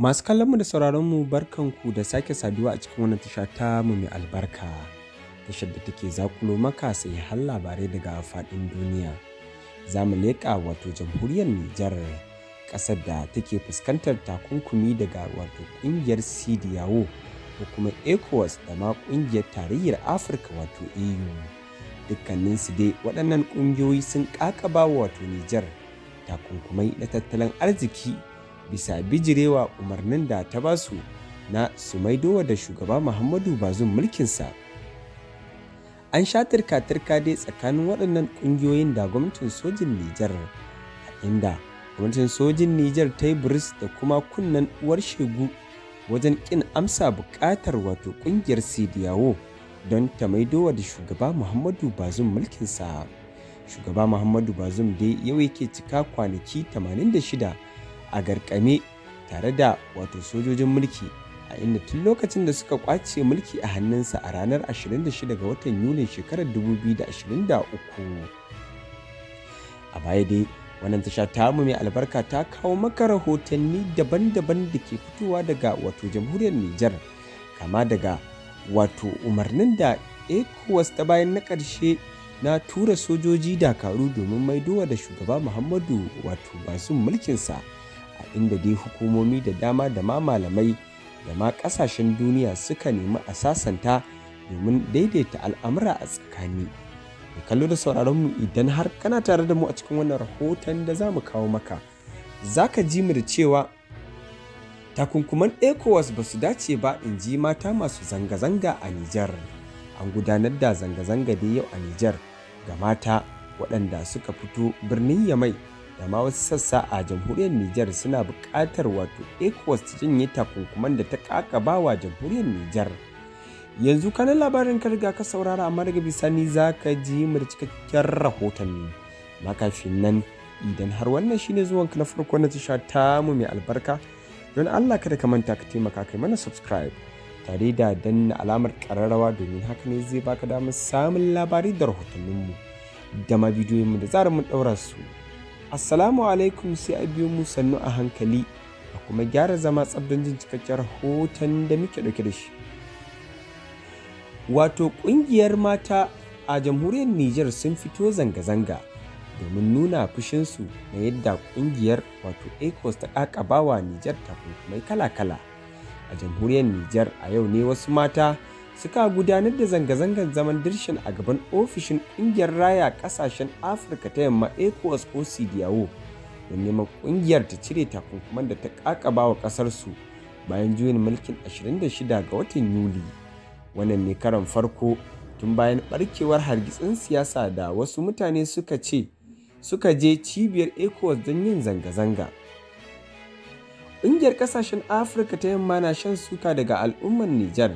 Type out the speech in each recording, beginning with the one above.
Masu kallonmu da sauraronmu barkanku da sake saduwa a cikin wannan tasha ta mu mai albarka. Tashar da take zakulo maka sai har labarai daga faɗin duniya. Za mu leƙa wato jamhuriyar Nijar ƙasar da take fuskantar takunkumi daga wato ƙungiyar CDAO ko kuma ECOWAS da ma ƙungiyar tarayyar Afirka wato EU. su dai waɗannan ƙungiyoyi sun ƙaƙaba wato Nijar takunkumai na tattalin arziki bisa bijirewa umarnin da ta basu na su maidowa da shugaba Muhammadu Bazum mulkinsa. An sha turka-turka dai tsakanin waɗannan ƙungiyoyin da gwamnatin sojin Nijar, a inda gwamnatin sojin Nijar ta yi buris da kuma kunnen uwar shegu wajen ƙin amsa buƙatar wato ƙungiyar Sidiyawo don ta maidowa da shugaba Muhammadu Bazum mulkinsa. Shugaba Muhammadu Bazum dai yau yake cika kwanaki 86 a garkame tare da wato sojojin mulki a inda tun lokacin da suka kwace mulki a hannunsa a ranar 26 ga watan yulin shekarar 2023 a baya dai wannan tasha tamu mai albarka ta kawo maka rahotanni daban-daban da ke fitowa daga wato jamhuriyar Nijar kama daga wato umarnin da ECOWAS ta bayan na ƙarshe na tura sojoji dakaru domin maidowa da shugaba Muhammadu wato basun mulkinsa a inda dai hukumomi da dama da ma malamai da ma kasashen duniya suka nemi a sasanta domin daidaita al'amura a tsakani. Da kallo da sauraron mu idan har kana tare da mu a cikin wannan rahoton da za mu kawo maka, za ka ji mu da cewa takunkuman ECOWAS ba su dace ba in ji mata masu zanga-zanga a Nijar. An gudanar da zanga-zanga da yau a Nijar ga mata waɗanda suka fito birnin Yamai da ma wasu sassa a jamhuriyar Nijar suna buƙatar wato ECOWAS ta janye takunkuman da ta kaka wa jamhuriyar Nijar. Yanzu kanan labarin karga ka saurara amma daga bisani za ka ji mu cikakken rahoton ne. kafin nan idan har wannan shine zuwanka na farko na tasha mu mai albarka don Allah kada ka manta ka taimaka kai mana subscribe tare da danna alamar kararrawa domin haka ne zai baka damar samun labari da rahotanninmu dama ma bidiyoyinmu da zarar mun ɗaura su. Assalamu alaikum sai a biyo mu sannu a hankali a kuma gyara zama tsabdan jin cikakken rahoton da muke ɗauke da shi. Wato kungiyar mata a jamhuriyar Nijar sun fito zanga-zanga domin nuna fushinsu na yadda kungiyar wato ECOWAS ta ƙaƙabawa Nijar takunkumai kala-kala. A jamhuriyar Nijar a yau ne wasu mata suka gudanar da zanga-zangar zaman dirshan a gaban ofishin ƙungiyar raya ƙasashen afirka ta yamma ecowas ocidiyawo don neman ƙungiyar ta cire takunkuman da ta ƙaƙaba wa ƙasarsu bayan juyin mulkin 26 ga watan yuli wannan ne karan farko tun bayan ɓarkewar hargitsin siyasa da wasu mutane suka ce suka je cibiyar ecowas don yin zanga-zanga ƙungiyar ƙasashen afirka ta yamma na shan suka daga al'ummar nijar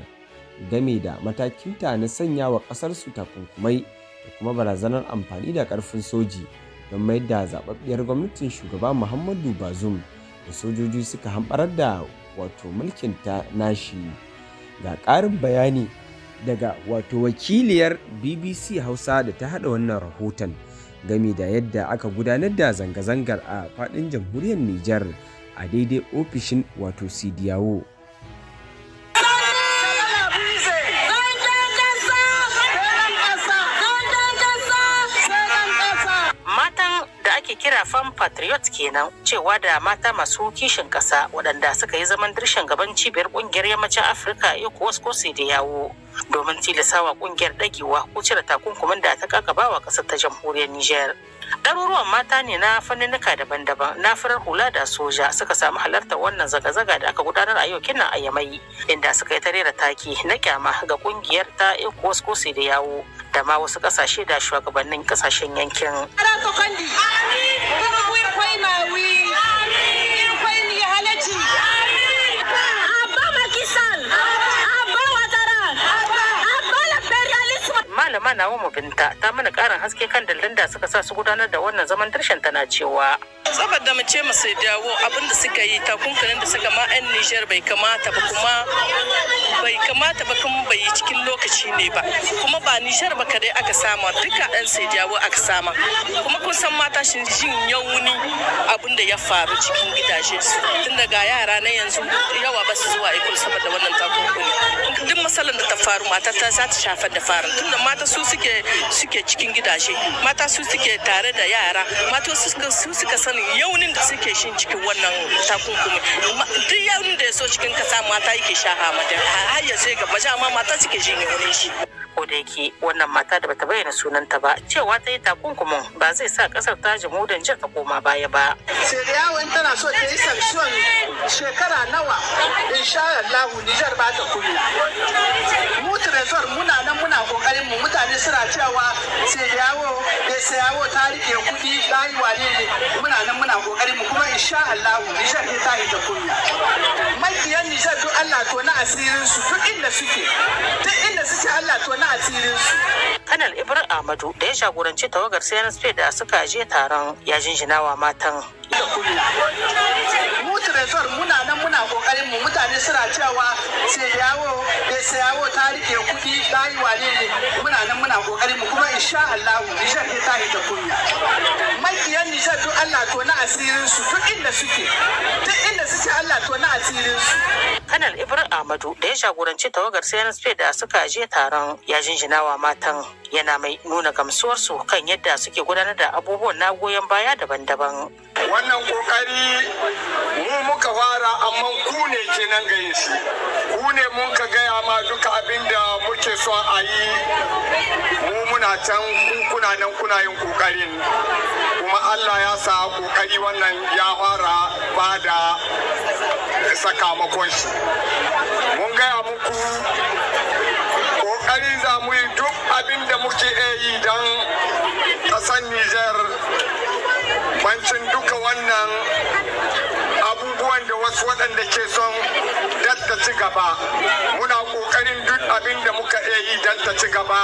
game da matakinta na sanya wa ƙasarsu takunkumai da kuma barazanar amfani da ƙarfin soji don mayar da zaɓaɓɓiyar gwamnatin shugaba muhammadu bazum da sojoji suka hamɓarar da wato ta nashi ga ƙarin bayani daga wato wakiliyar bbc hausa da ta haɗa wannan rahoton game da yadda aka gudanar da zanga-zangar a faɗin jamhuriyar nijar a daidai ofishin wato sidiyawo shafan patriot kenan cewa da mata masu kishin ƙasa waɗanda suka yi zaman dirshan gaban cibiyar ƙungiyar yammacin afirka ecowas ko sai da yawo domin tilasawa ƙungiyar ɗagewa ko cire takunkumin da ta wa ƙasar ta jamhuriyar niger ɗaruruwan mata ne na fannunuka daban-daban na farar hula da soja suka samu halartar wannan zaga-zaga da aka gudanar a yau kinan a yamai inda suka yi ta da take na kyama ga ƙungiyar ta ecowas ko sai da yawo da ma wasu kasashe da shugabannin kasashen yankin. Malama Nawa mabinta ta mana ƙarin haske kan dalilin da suka sa su gudanar da wannan zaman darshen tana cewa saboda mu ce masu dawo abin da suka yi takunkunin da suka ma 'yan Nijar bai kamata ba kuma bai kamata ba kuma bai cikin lokaci ne ba kuma ba Nijar ba kadai aka sama duka 'yan sai dawo aka sama kuma kun san mata shi jin yawuni abin da ya faru cikin gidaje su tun daga yara na yanzu yawa ba su zuwa ikon da wannan takunkuni duk matsalar da ta faru mata ta za ta shafar da farin tun da mata su suke suke cikin gidaje mata su suke tare da yara mata su suka sani yaunin da suke shi cikin wannan takunkumi duk yaunin da ya so cikin kasa mata yake sha ha har ya sai ga maja ma mata suke shi yaunin shi ko da yake wannan mata da bata bayyana sunanta ba cewa ta yi takunkumin ba zai sa kasar ta jamhuriyar jin ta koma baya ba. Siriyawa tana so ta yi sanction shekara nawa insha Allah Niger ba ta kudu. Mu tresor muna nan muna kokarin mu mutane suna cewa saya wa ta rike kuɗi ta yi wane ne muna nan muna kokarin mu kuma insha Allah Nijar ta yi ta kunya makiyan Nijar duk Allah to na asirin su duk inda suke duk inda suke Allah to na asirin su Kanal Ibrahim Ahmadu da ya jagoranci tawagar CNSP da suka je taron ya wa matan mu muna nan muna kokarin mu mutane suna cewa sai yawo eh, sai ta rike kuɗi ta yi wane ne muna nan muna kokarin mu kuma insha Allah Nijar ta yi ta kunya makiyan Nijar duk Allah to na asirin su duk inda suke duk inda suke Allah to na asirin su Kanal Ibrahim Ahmadu da ya jagoranci tawagar CNSP da suka je taron ya jinjina wa matan yana mai nuna gamsuwarsu kan yadda suke gudanar da abubuwan na goyon baya daban-daban wannan kokari mu muka fara amma ku ne kenan ga shi ku ne mun ka gaya ma duka abin da muke so a yi mu muna can kuna nan kuna yin kokarin kuma allah ya sa kokari wannan ya fara ba da sakamakon shi mun gaya muku kokarin za mu yi duk abin da muke yi don ƙasar nijar bancin duka wannan abubuwan da wasu waɗanda ke son ta ci gaba muna ƙoƙarin duk abin da muka iya yi datta ta ci gaba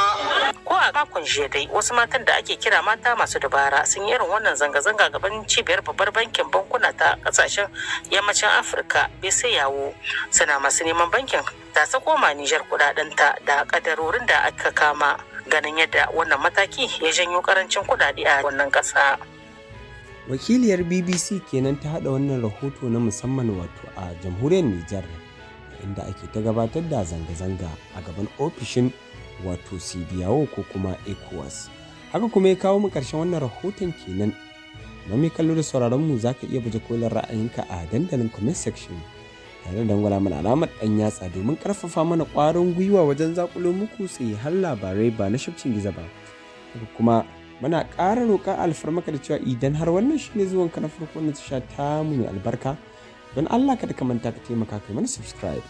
ko a kakun dai wasu matan da ake kira mata masu dabara sun yi irin wannan zanga-zanga gaban cibiyar babbar bankin bankuna ta kasashen yammacin afirka sai yawo suna masu neman bankin ta sa koma nijar kudadenta da kadarorin da aka kama ganin yadda wannan mataki ya janyo karancin kudade a wannan kasa. wakiliyar bbc kenan ta haɗa wannan rahoto na musamman wato a jamhuriyar nijar inda ake ta gabatar da zanga-zanga a gaban ofishin wato cdao ko kuma ecowas haka kuma ya kawo mu karshen wannan rahoton kenan na mai kallo da sauraron mu za ka iya buje kolin ra'ayinka a dandalin comment section tare da dangwala mana alamar ɗan yatsa domin ƙarfafa mana ƙwarin gwiwa wajen zakulo muku sai har labarai ba na shafcin giza ba kuma muna ƙara roƙa alfarmaka da cewa idan har wannan shine zuwan zuwanka na farko na tasha ta mu mai albarka don Allah kada ka manta ka taimaka kai mana subscribe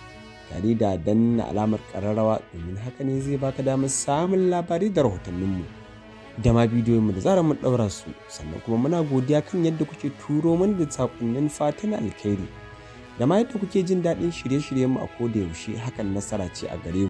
tare da danna alamar ƙararrawa domin haka ne zai baka damar samun labarai da rahotanninmu da ma mu da zarar mun ɗaura su sannan kuma muna godiya kan yadda kuke turo mana da saƙonnin fatan alkhairi da ma yadda kuke jin daɗin shirye-shiryenmu a koda yaushe hakan nasara ce a gare mu